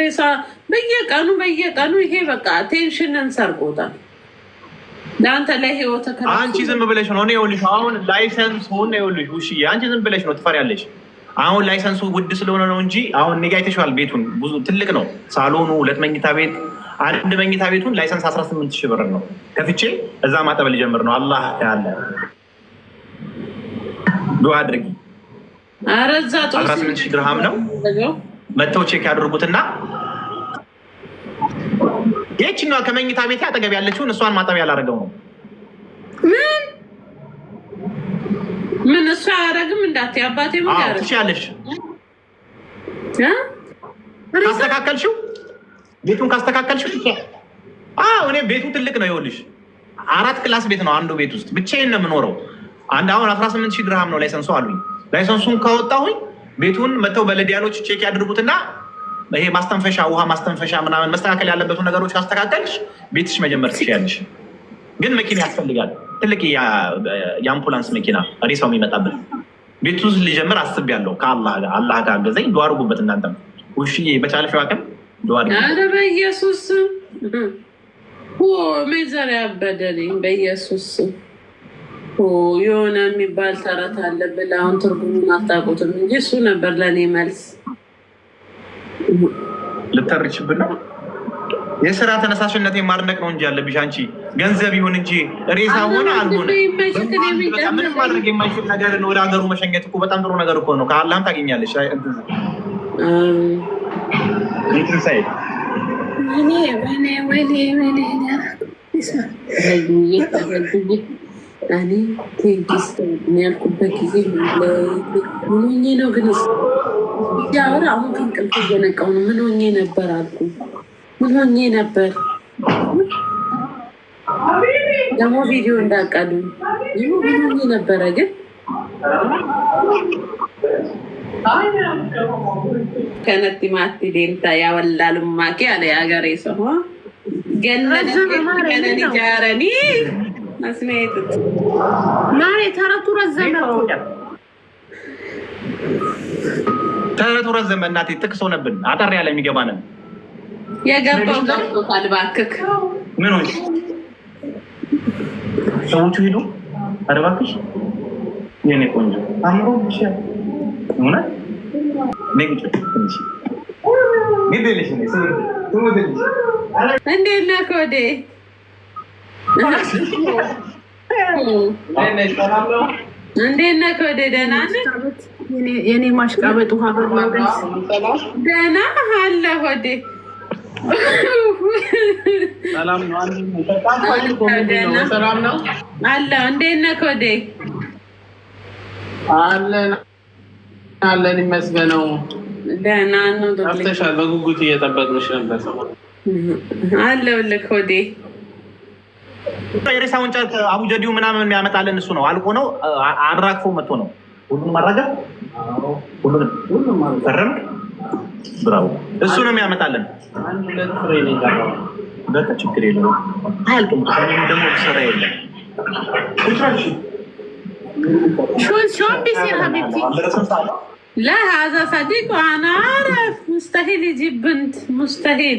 ሬሳ በየቀኑ በየቀኑ ይሄ በቃ ቴንሽንን ሰርቆታል። ለአንተ ለህይወት አንቺ ዝም ብለሽ ነው። ይኸውልሽ አሁን ላይሰንስ ሆን ይኸውልሽ ውሽዬ አንቺ ዝም ብለሽ ነው ትፈሪያለሽ። አሁን ላይሰንሱ ውድ ስለሆነ ነው እንጂ አሁን ኔጋ ጋ አይተሽዋል። ቤቱን ብዙ ትልቅ ነው ሳሎኑ፣ ሁለት መኝታ ቤት፣ አንድ መኝታ ቤቱን ላይሰንስ 18 ሺህ ብር ነው ከፍቼ እዛ ማጠብ ልጀምር ነው። አላህ ያለ ዱዓ አድርጊ። አረዛ እዛ 18 ሺህ ድርሃም ነው መጥተው ቼክ ያደርጉትና ይህችኛዋ ከመኝታ ቤት አጠገብ ያለችውን እሷን ማጠቢያ ያላደረገው ነው። ምን ምን እሱ አያደርግም እንዳት አባቴ ትችያለሽ። ካስተካከልሽው ቤቱን ካስተካከልሽው፣ እኔ ቤቱ ትልቅ ነው። ይኸውልሽ አራት ክላስ ቤት ነው አንዱ ቤት ውስጥ ብቻዬን ነው የምኖረው። አንድ አሁን አስራ ስምንት ሺህ ድርሃም ነው ላይሰንሱ አሉኝ። ላይሰንሱን ካወጣሁኝ ቤቱን መተው በለዲያኖች ቼክ ያድርጉትና ይሄ ማስተንፈሻ ውሃ ማስተንፈሻ ምናምን መስተካከል ያለበትን ነገሮች ካስተካከልሽ ቤትሽ መጀመር ትችያለሽ። ግን መኪና ያስፈልጋል፣ ትልቅ የአምቡላንስ መኪና ሬሳው የሚመጣበት ቤቱ ውስጥ ሊጀምር አስቤያለሁ። ከአላህ ጋር ገዘኝ ዱዓ አድርጉበት። እናንተም ውሽዬ በቻለሽው አቅም ዱዓ አድርጉ። በኢየሱስ ሜዘር ያበደልኝ በኢየሱስ የሆነ የሚባል ተረት አለ ብለህ አሁን ትርጉሙን አታውቁትም እንጂ እሱ ነበር ለእኔ መልስ። ልተርችብን ነው የስራ ተነሳሽነት ማድነቅ ነው እንጂ ያለብሽ አንቺ ገንዘብ ይሁን እንጂ ሬሳ ሆነ አልሆነ ምንም ማድረግ የማይችል ነገር ወደ ሀገሩ መሸኘት እኮ በጣም ጥሩ ነገር እኮ ነው። ከአላም ታገኛለች። ሳይ እኔ ቴዲስ ያልኩበት ጊዜ ምን ሆኜ ነው ግን ያወር አሁን ከእንቅልፍ እየነቃሁ ነው። ምን ሆኜ ነበር አልኩ። ምን ሆኜ ነበር ደግሞ ቪዲዮ እንዳቀሉ ምን ሆኜ ነበረ ግን ከነቲ ማቲ ዴልታ ያወላልማኪ አለ የሀገሬ ሰው ገለኒ ጃረኒ ማሬ ተረቱ ረዘመ። ተረቱ ረዘመ። እናቴ ጥቅስ ሆነብን። አጠር ያለ የሚገባ ነን የገባው ገብቶታል። እባክህ ምን ሆንሽ? ሰዎቹ ሄዱ። ኧረ እባክሽ የኔ ቆንጆ አምሮ ሆነ እንዴት ነህ ከወዴ እንዴት ነህ? ወደ ደህና ነህ? የኔ ማሽቃበጥ ውሃ ደህና አለ ወዴ ነው አለ። እንዴት ነህ? ወዴ አለን አለን ይመስገነው። ደህና ነው። ጠፍተሻል። በጉጉት እየጠበቅንሽ ነበር። አለሁልህ ወዴ የሬሳውን ጨርቅ አቡጀዲው ምናምን የሚያመጣልን እሱ ነው። አልቆ ነው አራግፎ መጥቶ ነው። ሁሉንም አራገፍ ሁሉንም ፈረም እሱ ነው የሚያመጣልን። በቃ ችግር የለው አያልቅም። ደግሞ ስራ የለም ሾን ቢሲ ሀቢብቲ لا هذا صديق انا اعرف مستحيل يجيب بنت مستحيل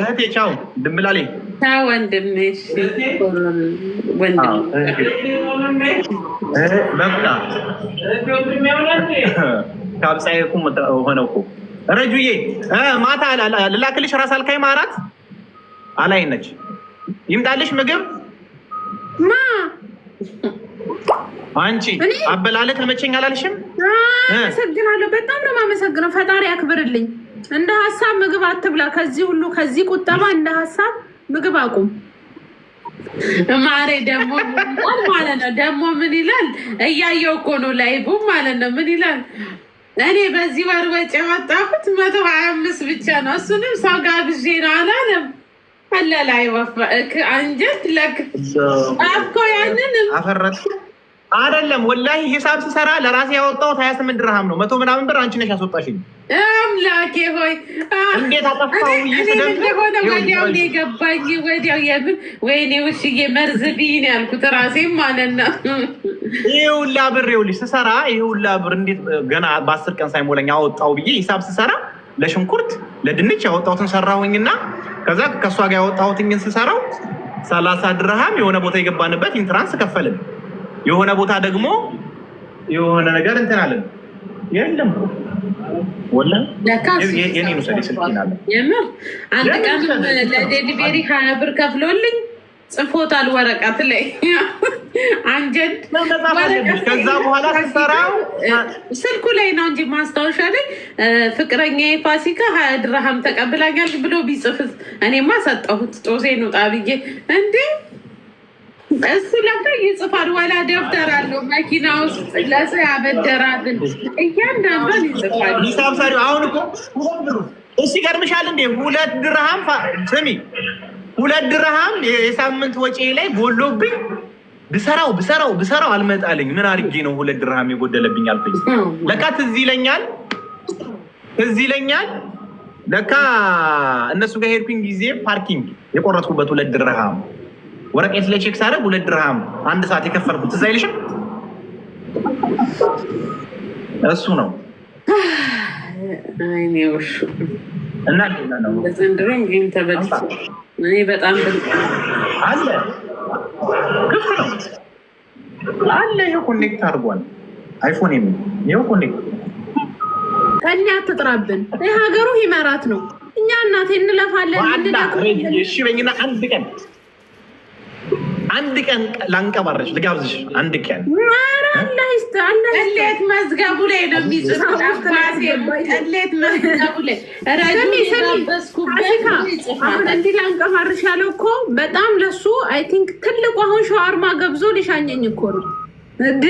እህቴ ቻው፣ ድንብላሌ ወንድም ረጁዬ፣ ማታ ልላክልሽ ራስ አልካይ ማራት አላይነች። ነች ይምጣልሽ ምግብ ማ አንቺ አበላለት መቼኝ አላልሽም። አመሰግናለሁ፣ በጣም ነው የማመሰግነው። ፈጣሪ አክብርልኝ። እንደ ሀሳብ ምግብ አትብላ። ከዚህ ሁሉ ከዚህ ቁጠባ እንደ ሀሳብ ምግብ አቁም። ማሬ ደግሞ ማለት ነው ደግሞ ምን ይላል? እያየው እኮ ነው ላይቡ ማለት ነው። ምን ይላል? እኔ በዚህ ወር ወጪ የወጣሁት መቶ ሀያ አምስት ብቻ ነው። እሱንም ሰው ጋብዤ ነው አላለም። አለላይ ወፋ አንጀት ለክ እኮ ያንን አፈረጥኩ አይደለም ወላሂ ሂሳብ ሲሰራ ለራሴ ያወጣሁት ሀያ ስምንት ድርሃም ነው። መቶ ምናምን ብር አንቺ ነሽ ያስወጣሽኝ። አምላኬ ሆይ እንዴት አጠፋሁ እንደሆነ ወዲያው የገባኝ ወዲያው የምን ወይኔ ውሽዬ መርዝ ያልኩት ራሴ ማለት ነው። ይህ ሁላ ብር ይኸውልሽ ስሰራ ይህ ሁላ ብር እንዴት ገና በአስር ቀን ሳይሞላኝ አወጣው ብዬ ሂሳብ ስሰራ ለሽንኩርት ለድንች ያወጣሁትን ሰራሁኝና ከዛ ከእሷ ጋር ያወጣሁትኝን ስሰራው ሰላሳ ድርሃም የሆነ ቦታ የገባንበት ኢንትራንስ ከፈልን የሆነ ቦታ ደግሞ የሆነ ነገር እንትን አለን የለም አንድ ቀን ለዴሊቬሪ ሀያ ብር ከፍሎልኝ ጽፎታል ወረቀት ላይ አንጀድ ከዛ በኋላ ስሰራው ስልኩ ላይ ነው እንጂ ማስታወሻ ላይ ፍቅረኛ ፋሲካ ሀያ ድርሃም ተቀብላኛል ብሎ ቢጽፍስ እኔማ ሰጠሁት ጦሴ ነው ጣብዬ እንዴ እሱ ለካ ይጽፋል። ዋላ ደብተር አለው መኪና ውስጥ ለሰው ያበደራልን እያንዳንዷን ይጽፋል። ሂሳብ ሰሪው አሁን እኮ እሱ ይገርምሻል እንዴ ሁለት ድርሃም ስሚ፣ ሁለት ድርሃም የሳምንት ወጪ ላይ ጎሎብኝ ብሰራው ብሰራው ብሰራው አልመጣልኝ። ምን አድርጌ ነው ሁለት ድርሃም የጎደለብኝ አልኩኝ። ለካ ትዝ ይለኛል ትዝ ይለኛል ለካ እነሱ ጋር ሄድኩኝ ጊዜ ፓርኪንግ የቆረጥኩበት ሁለት ድርሃም ወረቀት ላይ ቼክ ሳደርግ ሁለት ድርሃም አንድ ሰዓት የከፈልኩት እዛ አይልሽም? እሱ ነው አለ ክፍት ነው አለ። ይኸው ኮኔክት አድርጓል አይፎን የሚ ይኸው ኮኔክት ከኛ አትጥራብን። ነው። እኛ እናቴ እንለፋለን። እሺ በኝና አንድ ቀን አንድ ቀን ላንቀባረች ልጋብዝሽ። አንድ ቀን እሌት መዝገቡ ላይ ነው እንዲህ ላንቀባረሽ ያለው እኮ በጣም ለሱ አይ ቲንክ ትልቁ አሁን ሸዋርማ ገብዞ ሊሻኘኝ እኮ ነው እንዴ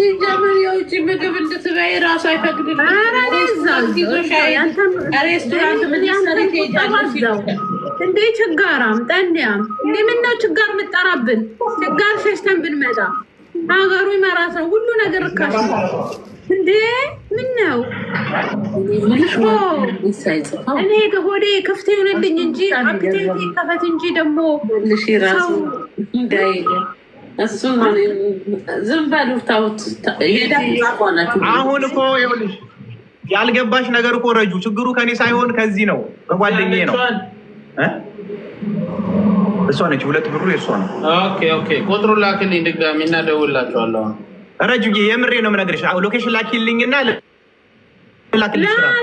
ሲጀምር የውጭ ምግብ እንድትበይ ራሱ አይፈቅድልሽም። ሬስቶራንት ምን ያሰረት ሄጃለሁ እንዴ ችጋራም ጠንያም እንዴ ምነው ችጋር ምጠራብን? ችጋር ሸሽተን ብንመጣ ሀገሩ ይመራ ሰው ሁሉ ነገር እካሽ እንዴ ምን ነው እኔ ሆዴ ክፍት ይሆንልኝ እንጂ አፒቴት ይከፈት እንጂ ደግሞ እሱን ዝም በሉ ተውት። አሁን እኮ ይኸውልሽ ያልገባሽ ነገር እኮ ረጁ ችግሩ ከኔ ሳይሆን ከዚህ ነው ከጓደኛዬ ነው። እሷ ነች። ሁለት ብሩ የእሷ ነው። ቁጥሩ ላክልኝ ድጋሚ እና እደውልላቸዋለሁ። ረጁ የምሬ ነው የምነግርሽ። ሎኬሽን ላኪልኝ እና ላመሰግናለሁ።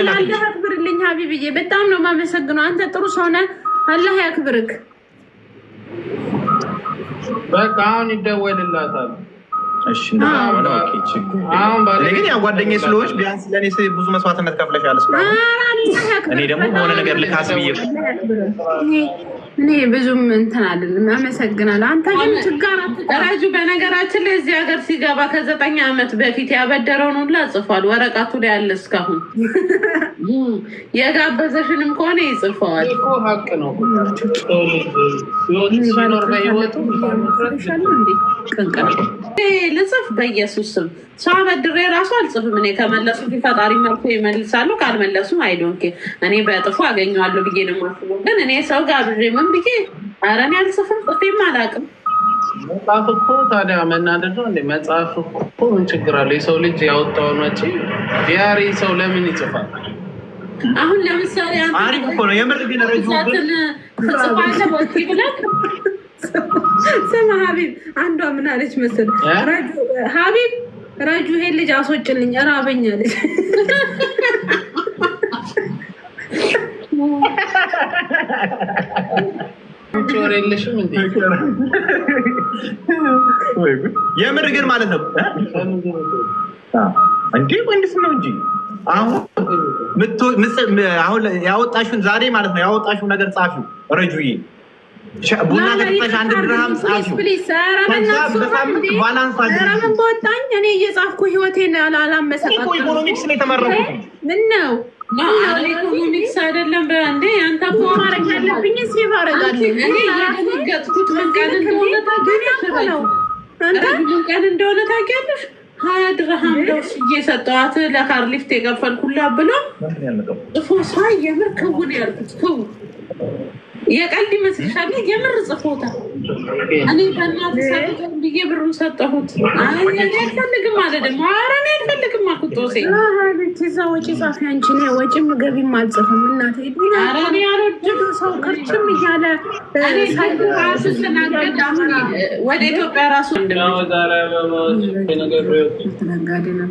አላህ ያክብርልኝ ሀቢብዬ፣ በጣም ነው የማመሰግነው። አንተ ጥሩ ሰው ነህ። አላህ ያክብርክ። በቃ አሁን ይደወልላታል። አሁን ግን ጓደኛዬ ስለሆንሽ ቢያንስ ለእኔ ብዙ መስዋዕትነት ከፍለሻል። እኔ ደግሞ በሆነ ነገር ልካስብ ብዬ እኔ ብዙም እንትን አይደለም። አመሰግናለሁ። አንተ ግን ችጋር ረጁ። በነገራችን ላይ እዚህ ሀገር ሲገባ ከዘጠኝ ዓመት በፊት ያበደረውን ሁላ ጽፏል። ወረቀቱ ላይ ያለ እስካሁን የጋበዘሽንም ከሆነ ይጽፈዋል። ሀቅ ነው። ልጽፍ በኢየሱስ ስም ሰው አበድሬ ራሱ አልጽፍም። እኔ ከመለሱ ፈጣሪ መልኩ ይመልሳሉ፣ ካልመለሱም አይዶንኬ እኔ በጥፎ አገኘዋለሁ ብዬ ነው የማስበው። ግን እኔ ሰው ጋብሬ ብዬ ኧረ እኔ አልጽፍም ጽፌም አላውቅም። መጽሐፍ እኮ ታዲያ መናደድ ነው እንዴ? መጽሐፍ እኮ ምን ችግር አለ? የሰው ልጅ ያወጣውን ወጪ ዲያሪ ሰው ለምን ይጽፋል? አሁን ለምሳሌ አሪፍ እኮ ነው የምር ግን ረጅትን ጽፋለ ወጪ ብለህ ስማ ሀቢብ፣ አንዷ ምን አለች መሰለህ? ሀቢብ ረጁ ይሄን ልጅ አስወጭልኝ እራበኛለች ፍቅር የለሽም እንዴ? የምር ግን ማለት ነው እንዴ? ወንድስ ነው እንጂ አሁን ያወጣሽውን ዛሬ ማለት ነው ያወጣሽው ነገር ጻፊው ረጁዬ ቡና ገጠሽ አንድ ድርሃም ጻፊው። ምን ነው ኢኮኖሚክስ አይደለም በእንዴ አንተ ማረግ ያለብኝ ሴቭ አደርጋለሁ። ቀን እንደሆነ ታውቂያለሽ? ሀያ ድረሃም ደውስ እየሰጠዋት ለካርሊፍት የከፈልኩላት ብሎ ጥፎ ሳይ የምር ክውን ያልኩት ክውን የቀልድ ይመስልሻል? የምር ጽፎታ እኔ ከእናት ሰጥቶን ብዬ ብሩን ሰጠሁት። አልፈልግም አለ ደግሞ። ኧረ እኔ አልፈልግም አልኩት። ጦሴ ዛ ወጪ ጻፊ አንቺ ነ ወጪም ገቢም አልጽፍም እናት ሰው ከርችም እያለ ራሱ ስናገድ ወደ ኢትዮጵያ ራሱ ነገር ነው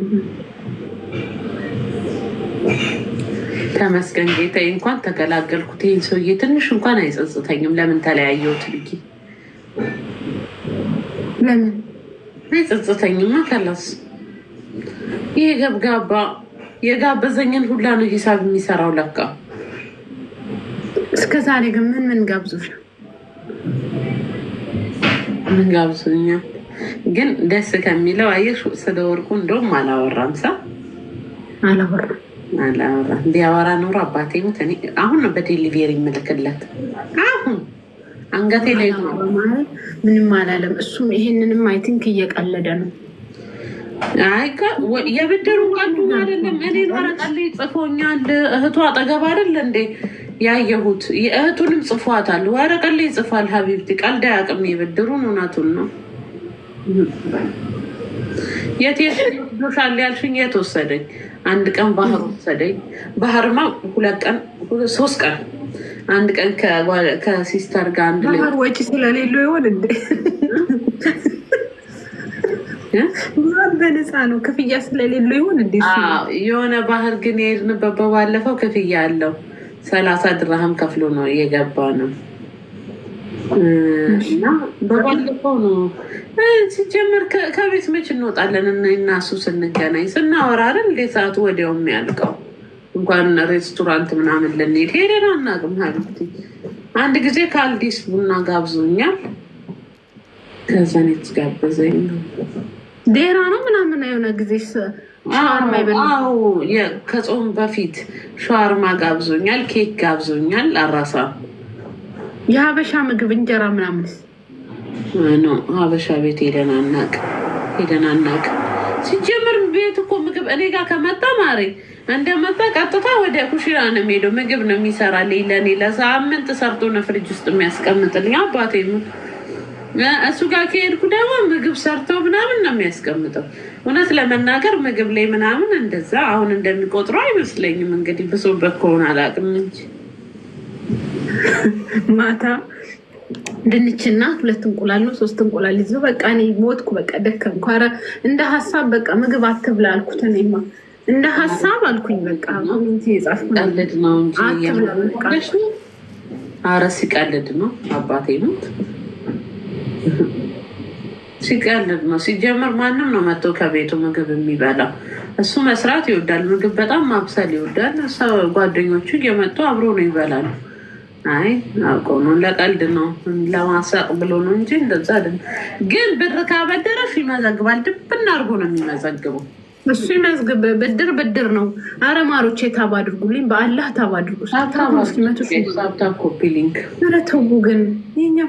ተመስገን ጌታ እንኳን ተገላገልኩት። ይህን ሰውዬ ትንሽ እንኳን አይጸጽተኝም። ለምን ተለያየሁት ብዬ ለምን አይጸጽተኝም? ከላስ ይሄ ገብጋባ የጋበዘኝን ሁላ ነው ሂሳብ የሚሰራው ለካ። እስከ ዛሬ ግን ምን ምን ጋብዞሽ ምን ጋብዞኛ? ግን ደስ ከሚለው አየሽ፣ ስለ እንደውም አላወራም። ሳ አላወራም አላወራ ቢያወራ ኖሮ አባቴ ሞት። አሁን ነው በዴሊቬሪ ይመልክለት። አሁን አንገቴ ላይ ምንም አላለም። እሱም ይሄንንም አይ ቲንክ እየቀለደ ነው። የብድሩ ቀዱ አይደለም። እኔ ወረቀት ላይ ጽፎኛል። እህቱ አጠገብ አይደለ እንዴ ያየሁት? እህቱንም ጽፏታል፣ ወረቀት ይጽፏል ሀቢብቲ ቀልድ አያውቅም። የብድሩን እውነቱን ነው። የት የት ሻል ያልሽኝ የት ወሰደኝ? አንድ ቀን ባህር ወሰደኝ። ባህርማ ሁለት ቀን ሶስት ቀን አንድ ቀን ከሲስተር ጋር አንድ ባህር ወጪ ስለሌለ ይሆን እንዴ? በነፃ ነው ክፍያ ስለሌለ ይሆን እንዴ? የሆነ ባህር ግን የሄድንበት በባለፈው ክፍያ አለው። ሰላሳ ድራህም ከፍሎ ነው እየገባ ነው። በባለፈው ነው ሲጀምር ከቤት መች እንወጣለን? እና እሱ ስንገናኝ ስናወራር እንዴ ሰዓቱ ወዲያው የሚያልቀው እንኳን ሬስቶራንት ምናምን ልንሄድ ሄደን አናውቅም። ሀብቲ አንድ ጊዜ ከአልዲስ ቡና ጋብዞኛል። ከዛኔ የተጋበዘኝ ነው ዴራ ነው ምናምን የሆነ ጊዜ ከጾም በፊት ሸዋርማ ጋብዞኛል፣ ኬክ ጋብዞኛል። አራሳ የሀበሻ ምግብ እንጀራ ምናምንስ? ሀበሻ ቤት ሄደን አናቅ ሄደን አናቅ። ሲጀምር ቤት እኮ ምግብ እኔ ጋር ከመጣ ማሬ እንደመጣ ቀጥታ ወደ ኩሽና ነው የሚሄደው። ምግብ ነው የሚሰራ ለኔ ለሳምንት ሰርቶ ነው ፍሪጅ ውስጥ የሚያስቀምጥልኝ አባቴ። እሱ ጋር ከሄድኩ ደግሞ ምግብ ሰርቶ ምናምን ነው የሚያስቀምጠው። እውነት ለመናገር ምግብ ላይ ምናምን እንደዛ አሁን እንደሚቆጥሩ አይመስለኝም። እንግዲህ ብሶበት ከሆነ አላውቅም እንጂ ማታ ድንችና ሁለት እንቁላል ነው ሶስት እንቁላል ይዞ በቃ እኔ ሞትኩ። በቃ ደከምኩ። ኧረ እንደ ሀሳብ በቃ ምግብ አትብላ አልኩት። እኔማ እንደ ሀሳብ አልኩኝ። በቃ ኮሚኒቲ የጻፍቀልድ ነው እንጂ ኧረ ሲቀልድ ነው አባቴ ነው ሲቀልድ ነው። ሲጀምር ማንም ነው መጥቶ ከቤቱ ምግብ የሚበላው። እሱ መስራት ይወዳል፣ ምግብ በጣም ማብሰል ይወዳል። ጓደኞቹ እየመጡ አብሮ ነው ይበላል። አይ አውቀው ነው፣ ለቀልድ ነው፣ ለማሳቅ ብሎ ነው እንጂ እንደዛ አይደለም። ግን ብር ካበደረሽ ይመዘግባል። ድብና አድርጎ ነው የሚመዘግበው እሱ ይመዝግብ። ብድር ብድር ነው። አረማሮች የታብ አድርጉልኝ፣ በአላህ ታብ አድርጉ። ሳብታ ኮፒ ሊንክ ኧረ ተው ግን